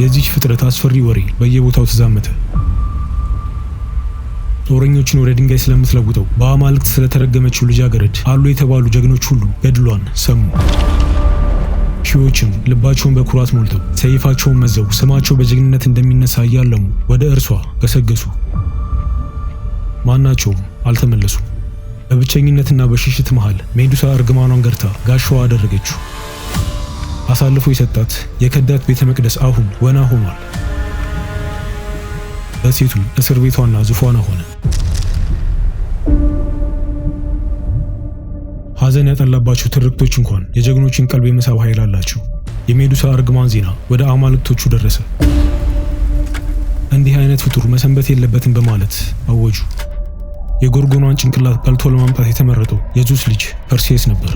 የዚች ፍጥረት አስፈሪ ወሬ በየቦታው ተዛመተ። ጦረኞችን ወደ ድንጋይ ስለምትለውጠው በአማልክት ስለተረገመችው ልጃገረድ አሉ የተባሉ ጀግኖች ሁሉ ገድሏን ሰሙ። ሺዎችም ልባቸውን በኩራት ሞልተው ሰይፋቸውን መዘው ስማቸው በጀግንነት እንደሚነሳ እያለሙ ወደ እርሷ ገሰገሱ። ማናቸውም አልተመለሱም። በብቸኝነትና በሽሽት መሃል ሜዱሳ እርግማኗን ገርታ ጋሻዋ አደረገችው። አሳልፎ የሰጣት የከዳት ቤተ መቅደስ አሁን ወና ሆኗል። ደሴቱም እስር ቤቷና ዙፋኗ ሆነ። ሐዘን ያጠላባቸው ትርክቶች እንኳን የጀግኖችን ቀልብ የመሳብ ኃይል አላቸው። የሜዱሳ እርግማን ዜና ወደ አማልክቶቹ ደረሰ። እንዲህ አይነት ፍጡር መሰንበት የለበትም በማለት አወጁ። የጎርጎኗን ጭንቅላት ቀልቶ ለማምጣት የተመረጠው የዙስ ልጅ ፐርሴስ ነበር።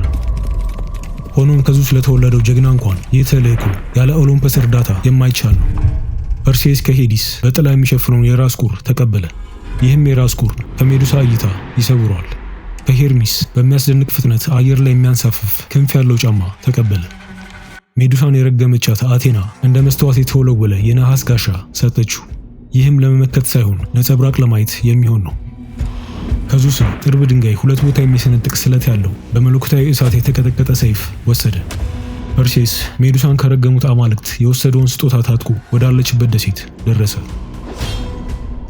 ሆኖም ከዙስ ለተወለደው ጀግና እንኳን ይህ ተልእኮ ያለ ኦሎምፐስ እርዳታ የማይቻል ነው። ፐርሴስ ከሄዲስ በጥላ የሚሸፍነውን የራስ ቁር ተቀበለ። ይህም የራስ ቁር ከሜዱሳ እይታ ይሰውረዋል። ከሄርሚስ በሚያስደንቅ ፍጥነት አየር ላይ የሚያንሳፍፍ ክንፍ ያለው ጫማ ተቀበለ። ሜዱሳን የረገመቻት አቴና እንደ መስተዋት የተወለወለ የነሐስ ጋሻ ሰጠችው። ይህም ለመመከት ሳይሆን ነጸብራቅ ለማየት የሚሆን ነው። ከዙስም ጥርብ ድንጋይ ሁለት ቦታ የሚሰነጥቅ ስለት ያለው በመለኮታዊ እሳት የተቀጠቀጠ ሰይፍ ወሰደ። ፐርሴስ ሜዱሳን ከረገሙት አማልክት የወሰደውን ስጦታ ታጥቆ ወዳለችበት ደሴት ደረሰ።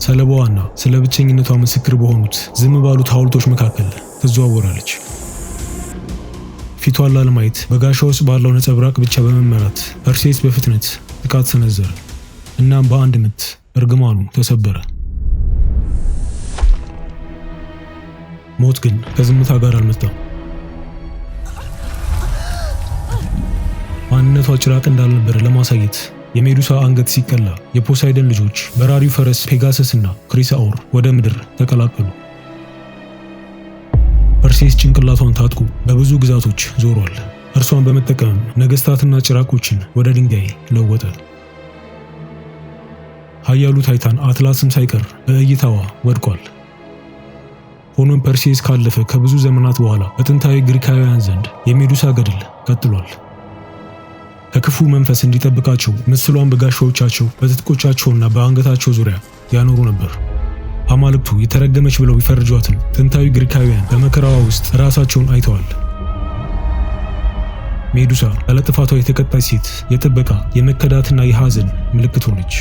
ሰለባዋና ስለ ብቸኝነቷ ምስክር በሆኑት ዝም ባሉት ሐውልቶች መካከል ትዘዋወራለች። ፊቷን ላለማየት በጋሻ ውስጥ ባለው ነጸብራቅ ብቻ በመመራት ፐርሴስ በፍጥነት ጥቃት ሰነዘረ። እናም በአንድ ምት እርግማኑ ተሰበረ። ሞት ግን ከዝምታ ጋር አልመጣም። ማንነቷ ጭራቅ እንዳልነበረ ለማሳየት የሜዱሳ አንገት ሲቀላ የፖሳይደን ልጆች በራሪው ፈረስ ፔጋሰስ እና ክሪሳኦር ወደ ምድር ተቀላቀሉ። ፐርሴስ ጭንቅላቷን ታጥቁ በብዙ ግዛቶች ዞሯል። እርሷን በመጠቀም ነገስታትና ጭራቆችን ወደ ድንጋይ ለወጠ። ኃያሉ ታይታን አትላስም ሳይቀር በእይታዋ ወድቋል። ሆኖም ፐርሴስ ካለፈ ከብዙ ዘመናት በኋላ በጥንታዊ ግሪካውያን ዘንድ የሜዱሳ ገድል ቀጥሏል። ከክፉ መንፈስ እንዲጠብቃቸው ምስሏን በጋሻዎቻቸው በትጥቆቻቸውና በአንገታቸው ዙሪያ ያኖሩ ነበር። አማልክቱ የተረገመች ብለው ይፈርጇትን ጥንታዊ ግሪካውያን በመከራዋ ውስጥ ራሳቸውን አይተዋል። ሜዱሳ ያለ የተቀጣች ሴት የጥበቃ የመከዳትና የሐዘን ምልክት ሆነች።